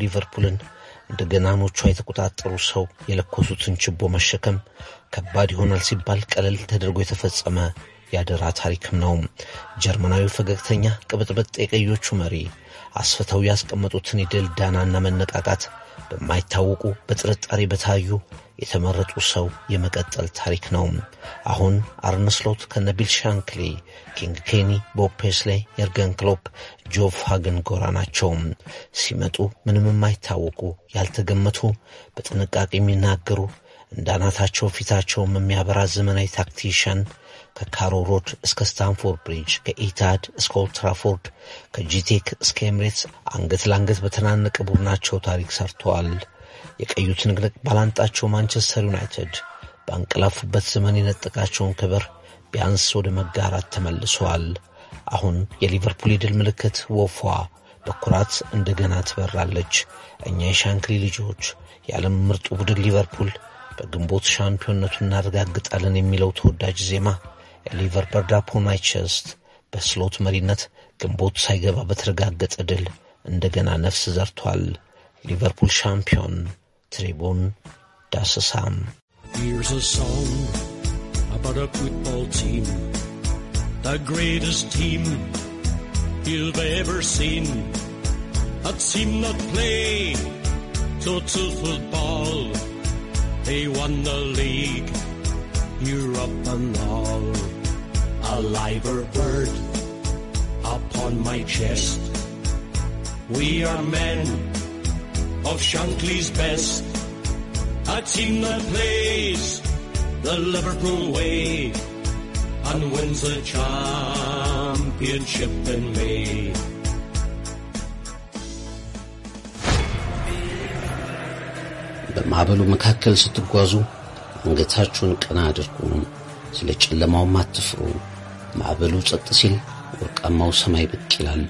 ሊቨርፑልን እንደ ገናኖቿ የተቆጣጠሩ ሰው የለኮሱትን ችቦ መሸከም ከባድ ይሆናል ሲባል ቀለል ተደርጎ የተፈጸመ የአደራ ታሪክም ነው። ጀርመናዊው ፈገግተኛ ቅብጥብጥ የቀዮቹ መሪ አስፍተው ያስቀመጡትን የድል ዳናና መነቃቃት በማይታወቁ በጥርጣሬ በታዩ የተመረጡ ሰው የመቀጠል ታሪክ ነው። አሁን አርነስሎት ከነቢል ሻንክሊ፣ ኪንግ ኬኒ፣ ቦብ ፔስሌ፣ የርገን ክሎፕ፣ ጆፍ ሃግን ጎራ ናቸው። ሲመጡ ምንም የማይታወቁ ያልተገመቱ፣ በጥንቃቄ የሚናገሩ እንዳናታቸው አናታቸው ፊታቸውም የሚያበራ ዘመናዊ ታክቲሽን ከካሮ ሮድ እስከ ስታንፎርድ ብሪጅ ከኢታድ እስከ ኦልትራፎርድ ከጂቴክ እስከ ኤምሬትስ አንገት ለአንገት በተናነቀ ቡድናቸው ታሪክ ሰርተዋል። የቀዩ ትንቅንቅ ባላንጣቸው ማንቸስተር ዩናይትድ በንቅላፉበት ዘመን የነጠቃቸውን ክብር ቢያንስ ወደ መጋራት ተመልሰዋል። አሁን የሊቨርፑል የድል ምልክት ወፏ በኩራት እንደገና ትበራለች። እኛ የሻንክሊ ልጆች የዓለም ምርጡ ቡድን ሊቨርፑል በግንቦት ሻምፒዮንነቱ እናረጋግጣለን የሚለው ተወዳጅ ዜማ የሊቨር በርዳፖናይቸስት በስሎት መሪነት ግንቦት ሳይገባ በተረጋገጠ ድል እንደገና ነፍስ ዘርቷል። ሊቨርፑል ሻምፒዮን Here's a song about a football team, the greatest team you've ever seen. A team that play total football, they won the league, Europe and all. A or bird upon my chest. We are men of Shankly's best. A team that plays the Liverpool way and wins the championship in May. በማዕበሉ መካከል ስትጓዙ አንገታችሁን ቀና አድርጉ፣ ስለ ጨለማውም አትፍሩ። ማዕበሉ ጸጥ ሲል ወርቃማው ሰማይ ብቅ ይላል፣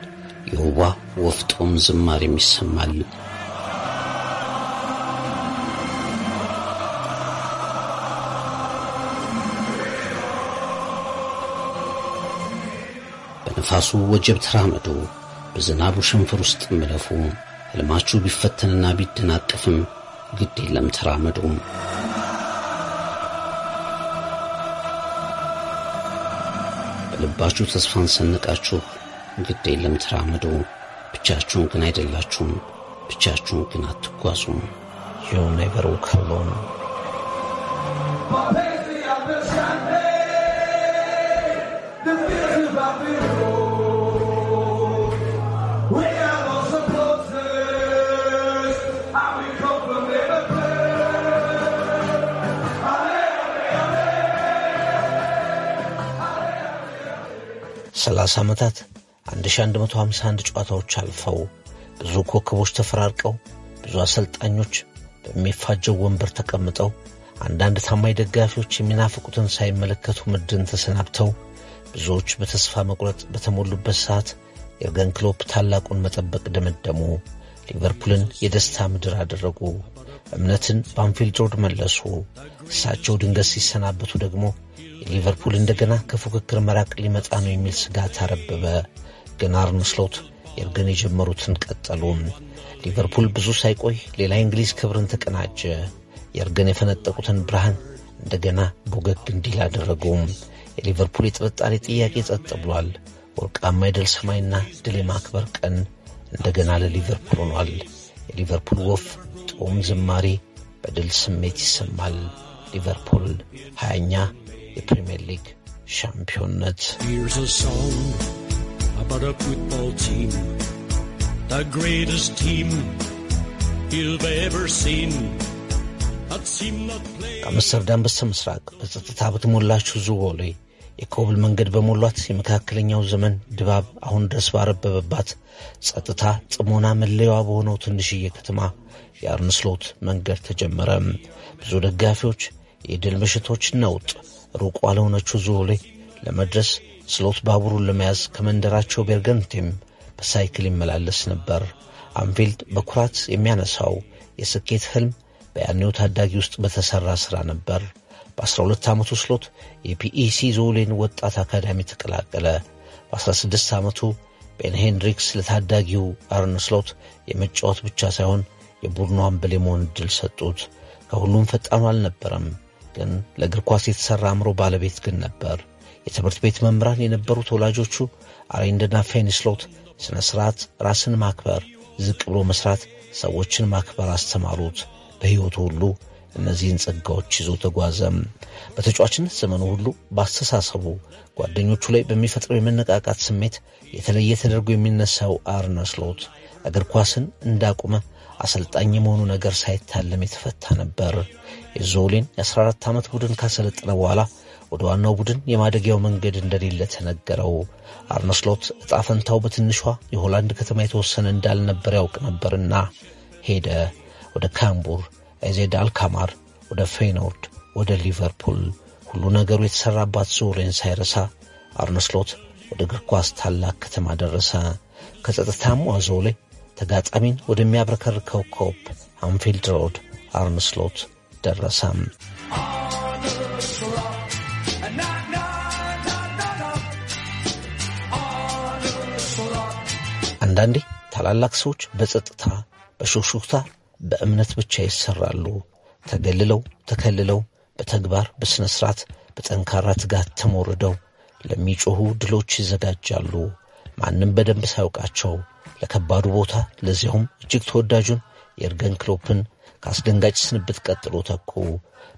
የውቧ ወፍጮም ዝማሬም ይሰማል። ራሱ ወጀብ ተራመዱ፣ በዝናቡ ሸንፈር ውስጥ እምለፉ። ሕልማችሁ ቢፈተንና ቢደናቀፍም ግድ የለም ተራመዱ። በልባችሁ ተስፋን ሰንቃችሁ ግድ የለም ተራመዱ። ብቻችሁን ግን አይደላችሁም፣ ብቻችሁን ግን አትጓዙም። ዩ ኔቨር ዋክ አሎን Yeah. በ ዓመታት 1151 ጨዋታዎች አልፈው ብዙ ኮከቦች ተፈራርቀው ብዙ አሰልጣኞች በሚፋጀው ወንበር ተቀምጠው አንዳንድ ታማኝ ደጋፊዎች የሚናፍቁትን ሳይመለከቱ ምድን ተሰናብተው ብዙዎች በተስፋ መቁረጥ በተሞሉበት ሰዓት የርገን ክሎፕ ታላቁን መጠበቅ ደመደሙ። ሊቨርፑልን የደስታ ምድር አደረጉ። እምነትን በአንፊልድ ሮድ መለሱ። እሳቸው ድንገት ሲሰናበቱ ደግሞ ሊቨርፑል እንደገና ከፉክክር መራቅ ሊመጣ ነው የሚል ስጋት አረበበ። ግን አርነ ስሎት የእርግን የጀመሩትን ቀጠሉ ሊቨርፑል ብዙ ሳይቆይ ሌላ የእንግሊዝ ክብርን ተቀናጀ። የእርግን የፈነጠቁትን ብርሃን እንደገና ቦገግ እንዲል አደረጉም። የሊቨርፑል የጥርጣሬ ጥያቄ ጸጥ ብሏል። ወርቃማ የድል ሰማይና ድል የማክበር ቀን እንደገና ለሊቨርፑል ሆኗል። የሊቨርፑል ወፍ ጥዑም ዝማሬ በድል ስሜት ይሰማል። ሊቨርፑል ሀያኛ የፕሪምየር ሊግ ሻምፒዮንነት ከአምስተርዳም በስተ ምስራቅ በጸጥታ በተሞላችው ዝዎሌ የኮብል መንገድ በሞሏት የመካከለኛው ዘመን ድባብ አሁን ድረስ ባረበበባት ጸጥታ፣ ጥሞና መለያዋ በሆነው ትንሽዬ ከተማ የአርንስሎት መንገድ ተጀመረ። ብዙ ደጋፊዎች፣ የድል ምሽቶች ነውጥ ሩቅ ለሆነችው ዞሌ ለመድረስ ስሎት ባቡሩን ለመያዝ ከመንደራቸው ቤርገንቴም በሳይክል ይመላለስ ነበር። አንፊልድ በኩራት የሚያነሳው የስኬት ሕልም በያኔው ታዳጊ ውስጥ በተሠራ ሥራ ነበር። በ12 ዓመቱ ስሎት የፒኢሲ ዞሌን ወጣት አካዳሚ ተቀላቀለ። በ16 ዓመቱ ቤን ሄንድሪክስ ለታዳጊው አርን ስሎት የመጫወት ብቻ ሳይሆን የቡድኑ አምበል የመሆን ዕድል ሰጡት። ከሁሉም ፈጣኑ አልነበረም። ግን ለእግር ኳስ የተሠራ አእምሮ ባለቤት ግን ነበር። የትምህርት ቤት መምህራን የነበሩት ወላጆቹ አሬንድና ፌንስሎት ሥነ ሥርዓት፣ ራስን ማክበር፣ ዝቅ ብሎ መሥራት፣ ሰዎችን ማክበር አስተማሩት። በሕይወቱ ሁሉ እነዚህን ጸጋዎች ይዞ ተጓዘም። በተጫዋችነት ዘመኑ ሁሉ በአስተሳሰቡ ጓደኞቹ ላይ በሚፈጥረው የመነቃቃት ስሜት የተለየ ተደርጎ የሚነሳው አርነ ስሎት እግር ኳስን እንዳቁመ አሰልጣኝ የመሆኑ ነገር ሳይታለም የተፈታ ነበር። የዞሌን የ14 ዓመት ቡድን ካሰለጠነ በኋላ ወደ ዋናው ቡድን የማደጊያው መንገድ እንደሌለ ተነገረው። አርነስሎት ስሎት እጣ ፈንታው በትንሿ የሆላንድ ከተማ የተወሰነ እንዳልነበር ያውቅ ነበርና ሄደ። ወደ ካምቡር፣ ኤዜድ አልካማር፣ ወደ ፌኖርድ፣ ወደ ሊቨርፑል ሁሉ ነገሩ የተሠራባት ዞሌን ሳይረሳ አርነስሎት ወደ እግር ኳስ ታላቅ ከተማ ደረሰ። ከጸጥታም ዞሌ ተጋጣሚን ወደሚያብረከርከው ኮፕ አንፊልድ ሮድ አርምስሎት ደረሰም። አንዳንዴ ታላላቅ ሰዎች በጸጥታ በሹክሹክታ በእምነት ብቻ ይሰራሉ። ተገልለው ተከልለው በተግባር በሥነ ሥርዓት በጠንካራ ትጋት ተሞርደው ለሚጮኹ ድሎች ይዘጋጃሉ። ማንም በደንብ ሳያውቃቸው በከባዱ ቦታ ለዚያውም እጅግ ተወዳጁን የእርገን ክሎፕን ከአስደንጋጭ ስንብት ቀጥሎ ተኩ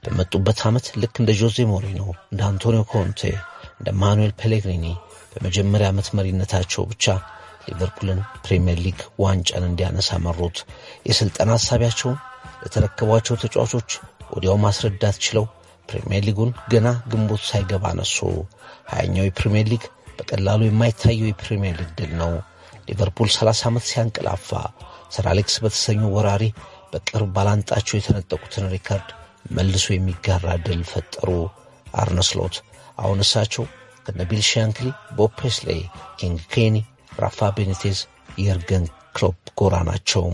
በመጡበት ዓመት ልክ እንደ ጆዜ ሞሪኖ፣ እንደ አንቶኒዮ ኮንቴ፣ እንደ ማኑኤል ፔሌግሪኒ በመጀመሪያ ዓመት መሪነታቸው ብቻ ሊቨርፑልን ፕሪምየር ሊግ ዋንጫን እንዲያነሳ መሩት። የሥልጠና ሐሳቢያቸውን ለተረከቧቸው ተጫዋቾች ወዲያው ማስረዳት ችለው ፕሪምየር ሊጉን ገና ግንቦት ሳይገባ አነሱ። ሀያኛው የፕሪምየር ሊግ በቀላሉ የማይታየው የፕሪምየር ሊግ ድል ነው። ሊቨርፑል 30 ዓመት ሲያንቀላፋ ሰር አሌክስ በተሰኘው ወራሪ በቅርብ ባላንጣቸው የተነጠቁትን ሪካርድ መልሶ የሚጋራ ድል ፈጠሩ። አርነ ስሎት አሁን እሳቸው ከነቢል ሻንክሊ፣ ቦብ ኪንግ ኬኒ፣ ራፋ ቤኔቴዝ፣ የርገን ክሎፕ ጎራ ናቸው።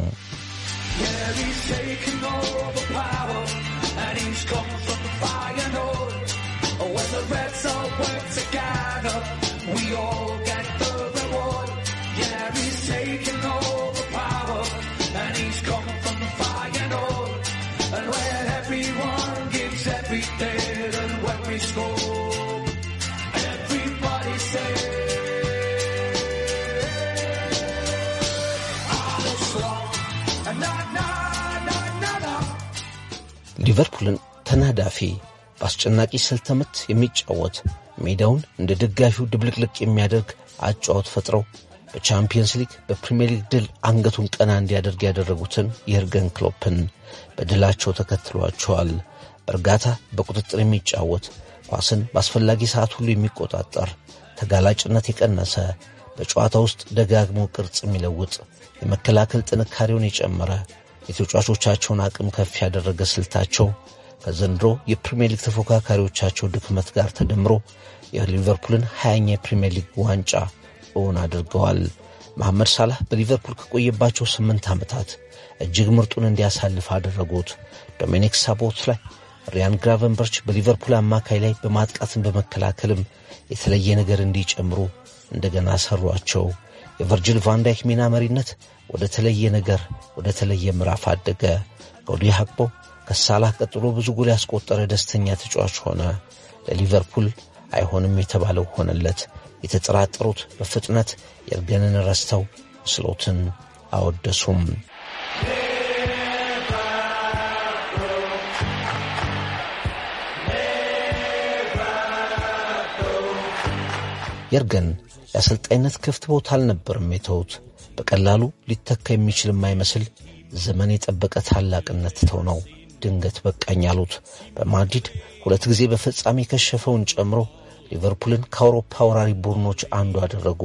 We all ሊቨርፑልን ተናዳፊ በአስጨናቂ ስልተ ምት የሚጫወት ሜዳውን እንደ ደጋፊው ድብልቅልቅ የሚያደርግ አጫወት ፈጥረው በቻምፒየንስ ሊግ በፕሪምየር ሊግ ድል አንገቱን ቀና እንዲያደርግ ያደረጉትን የርገን ክሎፕን በድላቸው ተከትሏቸዋል። በእርጋታ በቁጥጥር የሚጫወት ኳስን በአስፈላጊ ሰዓት ሁሉ የሚቆጣጠር ተጋላጭነት የቀነሰ በጨዋታ ውስጥ ደጋግሞ ቅርጽ የሚለውጥ የመከላከል ጥንካሬውን የጨመረ የተጫዋቾቻቸውን አቅም ከፍ ያደረገ ስልታቸው ከዘንድሮ የፕሪምየር ሊግ ተፎካካሪዎቻቸው ድክመት ጋር ተደምሮ የሊቨርፑልን ሀያኛ የፕሪምየር ሊግ ዋንጫ እውን አድርገዋል። መሐመድ ሳላህ በሊቨርፑል ከቆየባቸው ስምንት ዓመታት እጅግ ምርጡን እንዲያሳልፍ አደረጉት። ዶሚኒክ ሳቦት ላይ ሪያን ግራቨንበርች በሊቨርፑል አማካይ ላይ በማጥቃትን በመከላከልም የተለየ ነገር እንዲጨምሩ እንደገና ሰሯቸው። የቨርጂል ቫንዳይክ ሚና መሪነት ወደ ተለየ ነገር ወደ ተለየ ምዕራፍ አደገ። ከወዲ ሀቅቦ ከሳላህ ቀጥሎ ብዙ ጎል ያስቆጠረ ደስተኛ ተጫዋች ሆነ። ለሊቨርፑል አይሆንም የተባለው ሆነለት። የተጠራጠሩት በፍጥነት የርገንን ረስተው ስሎትን አወደሱም። የርገን የአሰልጣኝነት ክፍት ቦታ አልነበርም የተውት። በቀላሉ ሊተካ የሚችል የማይመስል ዘመን የጠበቀ ታላቅነት ተው ነው ድንገት በቃኝ አሉት። በማድሪድ ሁለት ጊዜ በፍጻሜ የከሸፈውን ጨምሮ ሊቨርፑልን ከአውሮፓ ወራሪ ቡድኖች አንዱ አደረጉ።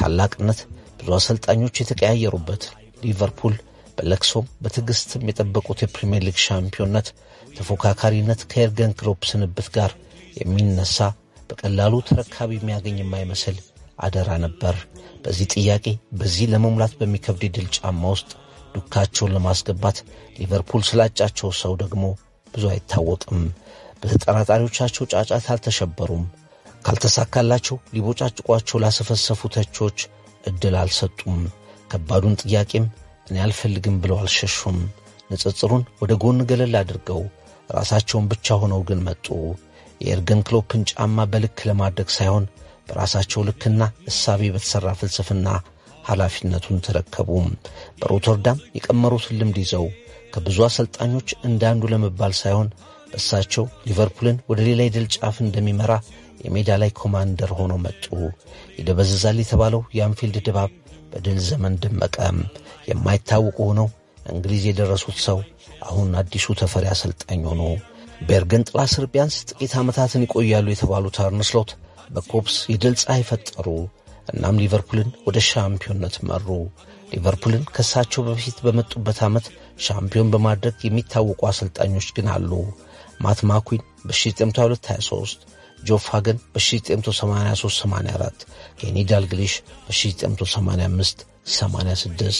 ታላቅነት ብዙ አሰልጣኞች የተቀያየሩበት ሊቨርፑል በለቅሶም በትዕግሥትም የጠበቁት የፕሪምየር ሊግ ሻምፒዮንነት ተፎካካሪነት ከኤርገን ክሎፕ ስንብት ጋር የሚነሳ በቀላሉ ተረካቢ የሚያገኝ የማይመስል አደራ ነበር። በዚህ ጥያቄ በዚህ ለመሙላት በሚከብድ ድል ጫማ ውስጥ ዱካቸውን ለማስገባት ሊቨርፑል ስላጫቸው ሰው ደግሞ ብዙ አይታወቅም። በተጠራጣሪዎቻቸው ጫጫት አልተሸበሩም። ካልተሳካላቸው ሊቦጫጭቋቸው ላሰፈሰፉ ተቾች እድል አልሰጡም። ከባዱን ጥያቄም እኔ አልፈልግም ብለው አልሸሹም። ንጽጽሩን ወደ ጎን ገለል አድርገው ራሳቸውን ብቻ ሆነው ግን መጡ። የኤርገን ክሎፕን ጫማ በልክ ለማድረግ ሳይሆን በራሳቸው ልክና እሳቤ በተሠራ ፍልስፍና ኃላፊነቱን ተረከቡ። በሮተርዳም የቀመሩትን ልምድ ይዘው ከብዙ አሰልጣኞች እንዳንዱ ለመባል ሳይሆን በእሳቸው ሊቨርፑልን ወደ ሌላ የድል ጫፍ እንደሚመራ የሜዳ ላይ ኮማንደር ሆኖ መጡ። ይደበዝዛል የተባለው የአንፊልድ ድባብ በድል ዘመን ደመቀ። የማይታወቁ ሆነው እንግሊዝ የደረሱት ሰው አሁን አዲሱ ተፈሪ አሰልጣኝ ሆኖ በርገን ጥላ ስር ቢያንስ ጥቂት ዓመታትን ይቆያሉ የተባሉት አርነ ስሎት በኮፕስ የድል ፀሐይ ፈጠሩ። እናም ሊቨርፑልን ወደ ሻምፒዮንነት መሩ። ሊቨርፑልን ከእሳቸው በፊት በመጡበት ዓመት ሻምፒዮን በማድረግ የሚታወቁ አሰልጣኞች ግን አሉ። ማት ማኩን በ1922/23 ጆፍ ሃገን በ1983/84 ኬኒ ዳልግሊሽ በ1985/86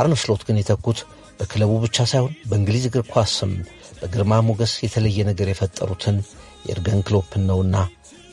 አርነ ስሎት ግን የተኩት በክለቡ ብቻ ሳይሆን በእንግሊዝ እግር ኳስም በግርማ ሞገስ የተለየ ነገር የፈጠሩትን የእርገን ክሎፕን ነውና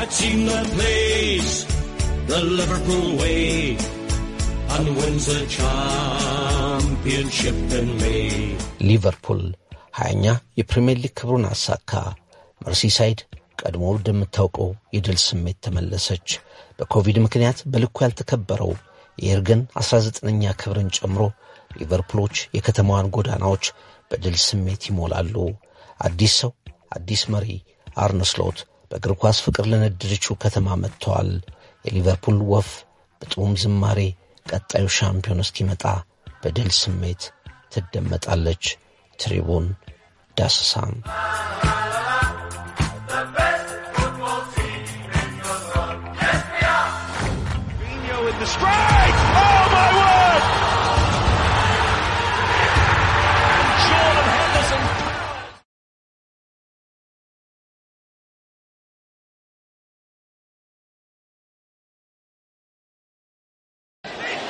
I'd seen the place, the Liverpool way, and wins the championship in May. Liverpool, ሀያኛ የፕሪምየር ሊግ ክብሩን አሳካ። መርሲሳይድ ቀድሞ እንደምታውቀው የድል ስሜት ተመለሰች። በኮቪድ ምክንያት በልኩ ያልተከበረው የኤርገን 19ኛ ክብርን ጨምሮ ሊቨርፑሎች የከተማዋን ጎዳናዎች በድል ስሜት ይሞላሉ። አዲስ ሰው፣ አዲስ መሪ አርነ ስሎት በእግር ኳስ ፍቅር ለነደደችው ከተማ መጥተዋል። የሊቨርፑል ወፍ በጥዑም ዝማሬ ቀጣዩ ሻምፒዮን እስኪመጣ በድል ስሜት ትደመጣለች። ትሪቡን ዳስሳም Strike!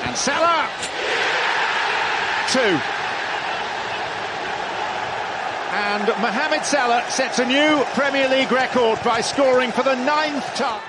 And Salah. Two. And Mohamed Salah sets a new Premier League record by scoring for the ninth time.